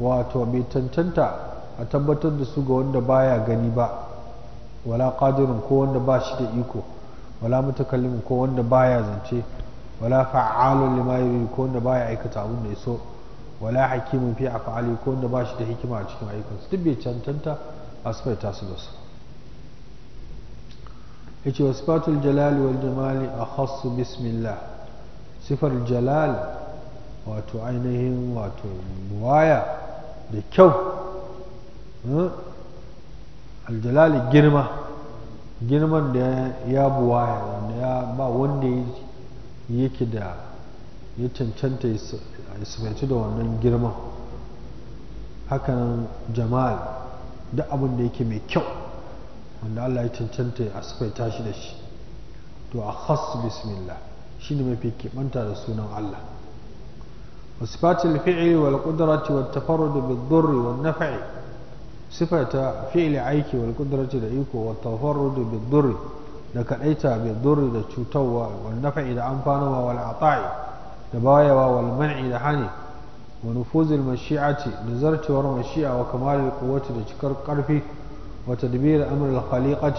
wato bai cancanta a tabbatar da su ga wanda baya gani ba wala qadirin ko wanda ba shi da iko wala mutakallimin ko wanda baya zance wala fa'alun lima yuri ko wanda baya aikata abin da ya so wala hakimin fi af'ali ko wanda ba shi da hikima a cikin ayyukansu duk bai cancanta a sifaita su da su yace wasfatul jalali wal jamali akhassu bismillah sifar jalal wato ainihin wato buwaya da kyau eh, aljalal girma girman da ya buwaya wanda ya ba wanda yake da ya cancanta ya sifanci da wannan girman hakanan jamal da abin da yake mai kyau wanda Allah ya cancanta ya asifaita shi da shi to a khas bismillah shine mafi kibanta da sunan Allah وصفات الفعل والقدرة والتفرد بالضر والنفع صفة فعل عيك والقدرة لأيك والتفرد بالضر لكأيت بالضر لتشوتوى والنفع لأنفانوى والعطاء لبايوى والمنع لحني ونفوذ المشيعة نزرت ور مشيعة وكمال القوة لشكر قرفي وتدبير أمر الخليقة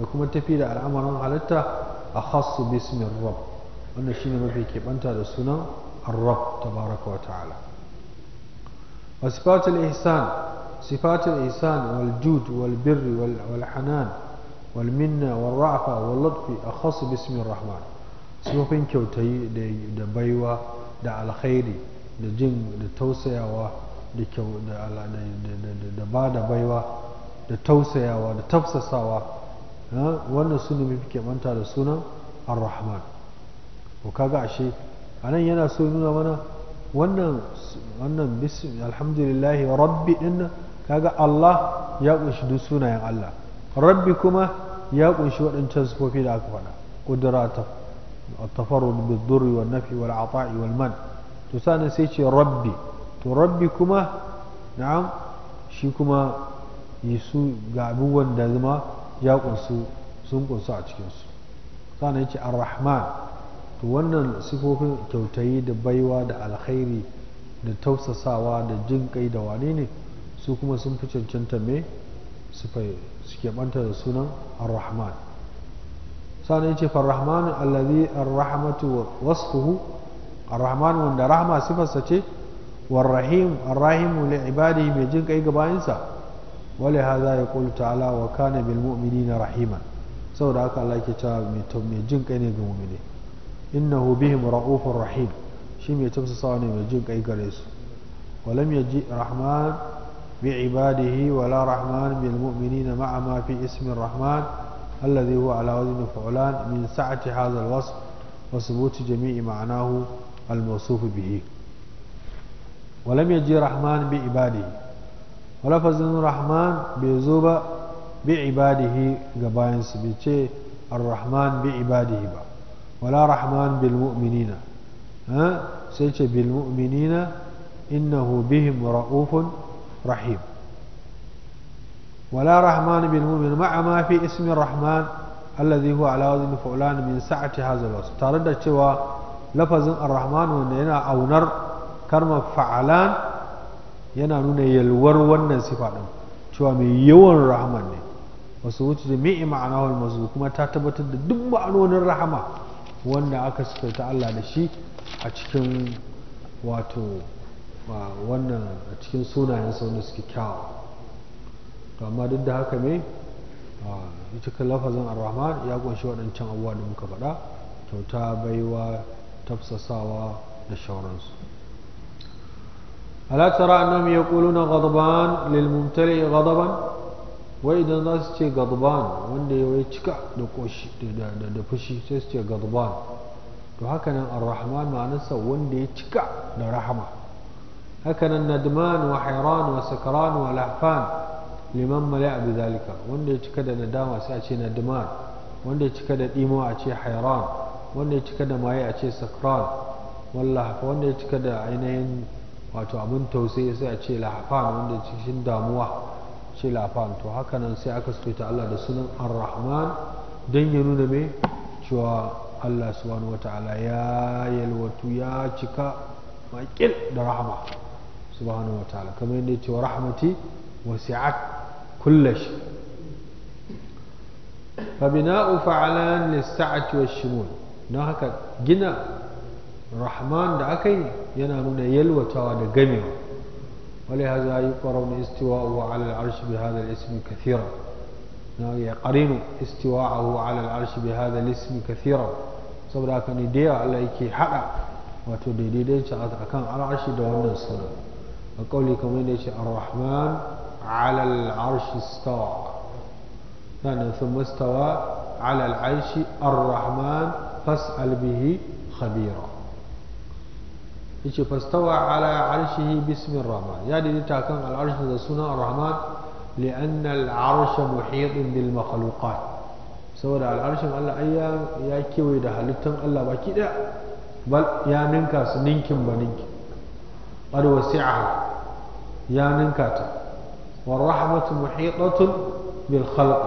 لكم تفيد الأمر على التهر أخص باسم الرب وأن شين ما في كيبانتا لسنا الرب تبارك وتعالى وصفات الإحسان صفات الإحسان والجود والبر والحنان والمنة والرعفة واللطف أخص باسم الرحمن صفوفين كوتي دا بيوة دا على خيري دا جن دا توسيا دا دا دا دا da دا da tausayawa دا tafsasawa wannan su ne mafi da sunan ar-rahman ko kaga ashe anan yana so nuna mana wannan wannan alhamdulillahi rabbi dinnan kaga Allah ya kunshi duk sunayen Allah rabbi kuma ya kunshi waɗancan sufofi da aka faɗa qudrata التفرد بالضر والنفي والعطاء والمن تسانا سيتي ربي to rabbi kuma na'am shi kuma yisu ga abubuwan da zama ya kunsu sun kunsu a cikinsu sannan ya ce ar-rahman to wannan sifofin kyautayi da baiwa da alkhairi da tausasawa da jin kai da wane ne su kuma sun fi cancanta me suke banta da sunan ar-rahman sannan ya ce far allazi ar-rahmatu wasfuhu ar-rahman wanda rahma sifarsa ce war-rahim ar li ibadihi mai jin kai ga bayansa ولهذا يقول تعالى وكان بالمؤمنين رحيما سوداك الله كتاب ميتم ميجن كيني المؤمنين إنه بهم رؤوف رحيم شيم يتمس صواني ميجن كي قريس ولم يجي رحمن بعباده ولا رحمن بالمؤمنين مع ما في اسم الرحمن الذي هو على وزن فعلان من سعة هذا الوصف وثبوت جميع معناه الموصوف به ولم يجي رحمن بعباده lafazin rahman bai zo ba bi ibadihi ga bayansu bai ce ar-rahman bi ibadihi ba wala rahman bil mu'minina sai ce bil mu'minina innahu bihim ra'ufun rahim Wala rahman ولا رحمن بالمؤمن مع ما في اسم الرحمن الذي هو على وزن فعلان من سعة هذا الوصف تردد cewa lafazin الرحمن wanda yana aunar karma fa'alan yana nuna yalwar wannan sifa din cewa mai yawan rahama ne wasu wuce da mai ma'ana wal mazu kuma ta tabbatar da duk ma'anonin rahama wanda aka ta Allah da shi a cikin wato wannan a cikin sunayen wanda suke kyawa to amma duk da haka ne cikin lafazin ar-rahman ya kunshi waɗancan abubuwa da muka faɗa kyauta baiwa tafsasawa da shauransu ألا ترى أنهم يقولون غضبان للممتلئ غضبا وإذا الناس تي غضبان وندي ويتشكا دكوش دفشي تي غضبان وهكذا الرحمن معناه وندي يتشكا درحمة هكذا الندمان وحيران وسكران ولهفان liman mala'a bi zalika wanda ya cika da nadama sai a ce nadman wanda ya cika da dimo a ce hairan wanda ya cika da maye a ce sakran wallahi wanda ya cika da ainihin wato abin tausayi sai a ce lahafan wanda cikin damuwa ce lahafan to haka nan sai aka ta Allah da sunan ar-rahman don ya nuna mai cewa Allah subhanahu ta'ala ya yalwatu ya cika makil da rahama subhanahu ta'ala kamar yadda cewa rahmati wasi'at kullash fa bina'u fa'alan lis-sa'ati wash don haka gina rahman da aka yi yana nuna yalwatawa da gamewa wale haza yi ƙwararun istiwa'u ala al'arshi bi hada ismi kathira na ya ƙarinu istiwa'u ala al'arshi bi hada ismi kathira saboda haka ne da yawa Allah yake haɗa wato daidaidancin a kan al'arshi da wannan suna a ƙauli kamar da ce ar-rahman ala al'arshi stawa sannan sun mastawa ala al'arshi ar-rahman fas'al bihi khabira yace fastawa ala arshihi bismir rahman ya daidaita kan al'arshi da sunan rahman li'anna al'arsha muhitun bil makhluqat saboda al'arshin Allah ya kewaye da halittun Allah baki daya bal ya ninka su ninkin ba ninkin qad wasi'aha ya ninka ta wa rahmatu muhitatun bil khalq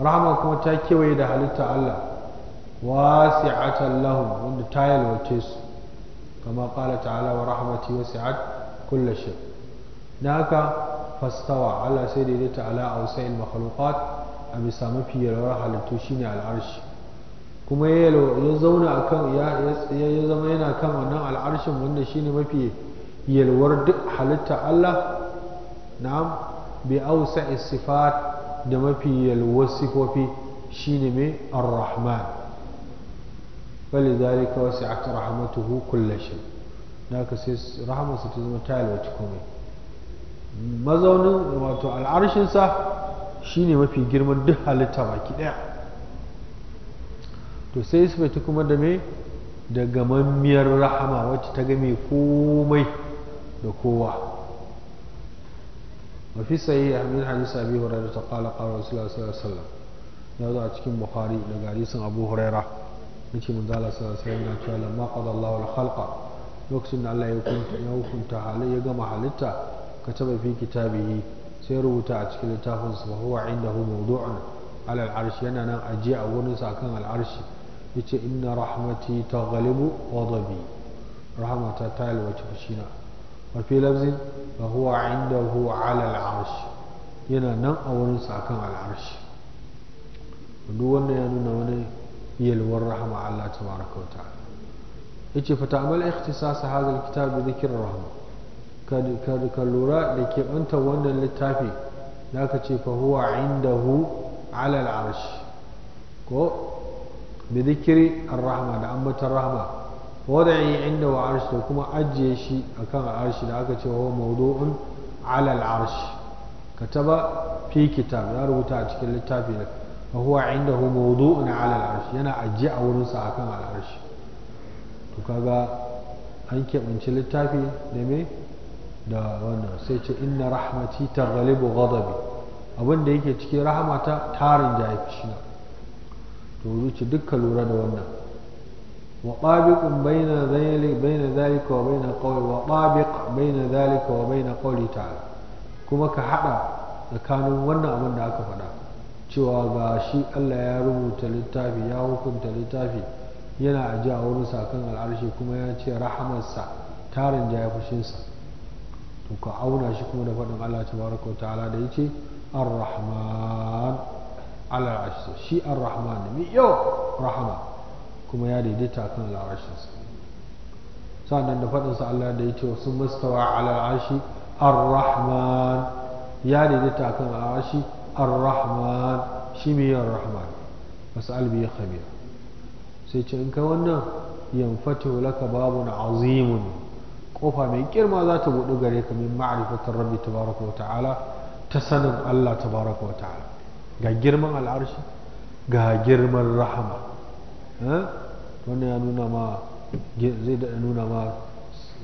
rahma kuma ta kewaye da halitta Allah wasi'atan lahum wanda ta yalwace su كما قال تعالى ورحمتي وسعت كل شيء ناكا فاستوى على سيدنا تعالى أو سيد المخلوقات أم سامي في الورح لتوشين على العرش كما يلو يزون أكم يا يا يزمين أكم أن العرش من شين ما في يلورد حال تعالى نعم بأوسع الصفات دم في الوصف وفي شين من الرحمن فلذلك وسعت رحمته كل شيء naka sai rahama su ta zama ta yalwaci komai mazaunin wato al'arshinsa shine mafi girman duk halitta baki daya to sai isbaiti kuma da me da gamammiyar rahama wacce ta game komai da kowa mafi sayi a min hadisi abi hurairah ta qala qala rasulullahi sallallahu alaihi wasallam ya zo a cikin buhari daga hadisin abu yace manzo Allah sallallahu alaihi wasallam cewa lamma qada Allahu al-khalqa lokacin da Allah ya hukunta ya hukunta halai ya gama halitta kataba fi kitabihi sai rubuta a cikin littafin sa huwa indahu mawdu'un ala al-arsh yana nan ajiya a wurin sa kan al-arsh yace inna rahmati taghlibu ghadabi rahmata ta yalwace fushina na fi lafzin fa huwa indahu ala al-arsh yana nan a wurin sa kan al-arsh duk wannan ya nuna wani yalwar rahama Allah tabaraka wa ta'ala yace fa ta'amal ikhtisas hadha alkitab bi dhikr rahma ka lura da ke banta wannan littafi naka ce fa huwa indahu ala al'arsh ko bi dhikri ar-rahma da ambatan rahma wada'i indahu arsh da kuma ajiye shi akan arshi da aka ce huwa mawdu'un ala al'arsh kataba fi kitab ya rubuta a cikin littafi na fa huwa indahu mawdu'un 'ala al-arsh yana ajiye a wurin sa akan al-arsh to kaga an keɓance littafi da me da wannan sai ce inna rahmati taghlibu ghadabi abin da yake cikin rahmata tarin da yake shi to zuci dukkan lura da wannan wa tabiqun baina zalika baina zalika wa baina qawli wa tabiq baina zalika wa baina qawli ta'ala kuma ka hada tsakanin wannan abin da aka faɗa cewa ga shi Allah ya rubuta littafi ya hukunta littafi yana a a wurin sakan al'arshi kuma ya ce rahamarsa tarin ja ya fushinsa to ka auna shi kuma da faɗin Allah ta baraka wa ta'ala da ya ce ar-rahman al'arshi shi ar-rahman mai yau rahama kuma ya daidaita kan al'arshinsa sannan da faɗinsa Allah da ya ce wasu mastawa al'arshi arshi ar-rahman ya daidaita kan al'arshi ar-rahman shi mai yin rahman fas'al bi khabir sai ce in ka wannan yanfatu laka babun azimun kofa mai girma za ta buɗu gare ka min ma'rifatar rabbi tabaraka wa ta'ala ta sanin Allah tabaraka wa ta'ala ga girman al'arshi ga girman rahama eh? wannan ya nuna ma zai da nuna ma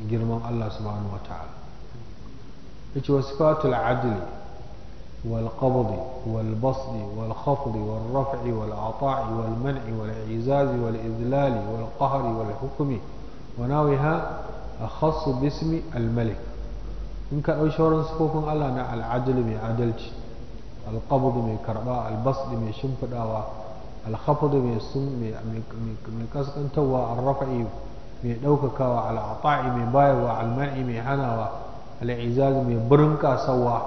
girman Allah subhanahu wa ta'ala yace wasu fatul adli والقبض والبسط والخفض والرفع والعطاء والمنع والعزاز والإذلال والقهر والحكم وناويها أخص باسم الملك إن كان أشهر سفوفن الله نع العدل من عدلتي القبض من كرباء البسط من شنفداوة الخفض من السم من كسق انتوى الرفع من دوكك وعلى عطاء من باي وعلى المنع من وعلى عزاز من برنك سوا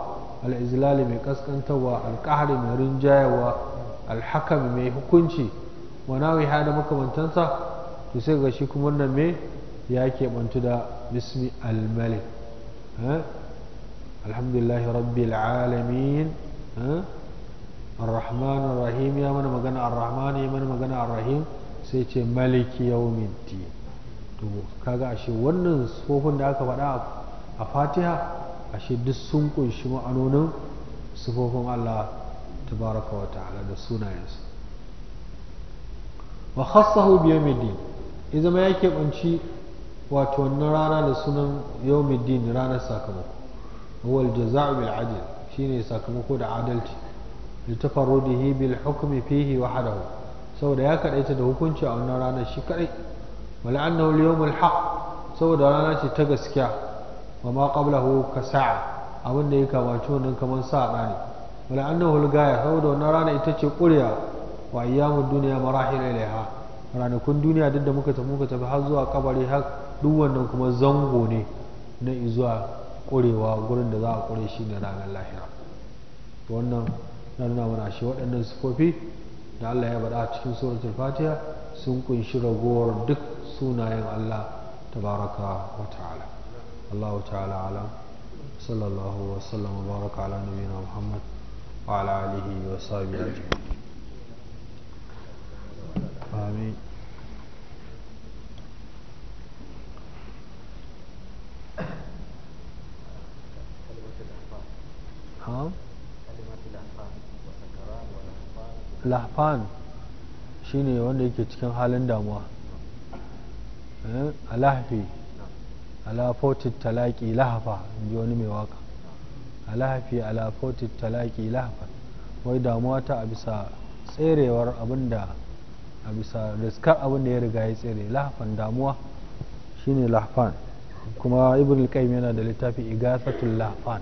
al'izlali mai kaskantarwa alƙahari mai rinjayewa alhakam mai hukunci wanawi ha da makamantansa to sai ga shi kuma nan me ya keɓantu da bismi almalik eh? alhamdulillahi rabbil alamin الرحمن الرحيم يا من مغنى الرحمن يا من مغنى الرحيم sai ce maliki yawmin din to kaga ashe wannan sofin da aka faɗa a fatiha ashe duk sun kunshi ma'anonin sifofin Allah tabaraka wa ta'ala da sunayensa wa khassahu bi yawmiddin idan ya keɓanci wato wannan rana da sunan yawmiddin ranar sakamako huwa al-jaza'u bil adl shine sakamako da adalci li tafarrudihi bil hukmi fihi wahdahu saboda ya kadaita da hukunci a wannan ranar shi kadai wala annahu al-yawmul haqq saboda rana ce ta gaskiya wa ma qablahu ka sa'a abin da ya kamaci wannan kamar sa'a ne wala annahu al-gaya saboda wannan rana ita ce ƙurya wa ayyamu duniya marahil ilaiha ranakun duniya duk da muka tafi muka tafi har zuwa kabari har duk wannan kuma zango ne na izuwa ƙurewa gurin da za a ƙure shi na ranar lahira wannan na nuna mana shi waɗannan sufofi da Allah ya bada cikin suratul fatiha sun kunshi ragowar duk sunayen Allah tabaraka wa ta'ala الله تعالى أعلم صلى الله وسلم وبارك على نبينا محمد وعلى آله وصحبه أجمعين آمين ها؟ lahfan shine wanda yake cikin halin damuwa a lahfi ala fotit talaki lahafa in ji wani mai waka alahafi ala fotit talaki lahafa wai damuwa ta a bisa tserewar abinda a bisa riskar abin da ya riga ya tsere lahafan damuwa shine lahafan kuma ibn qayyim yana da littafi igathatul lahafan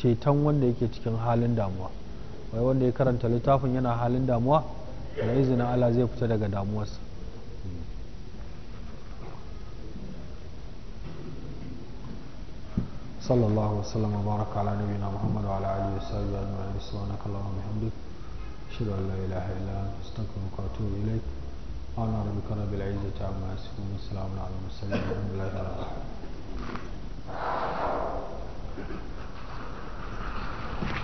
ceton wanda yake cikin halin damuwa wai wanda ya karanta littafin yana halin damuwa da izinin Allah zai fita daga damuwarsa صلى الله وسلم وبارك على نبينا محمد وعلى اله وصحبه اجمعين سبحانك اللهم وبحمدك اشهد ان لا اله الا انت استغفرك واتوب اليك انا ربك رب العزه عما يصفون السلام على المرسلين الحمد لله رب العالمين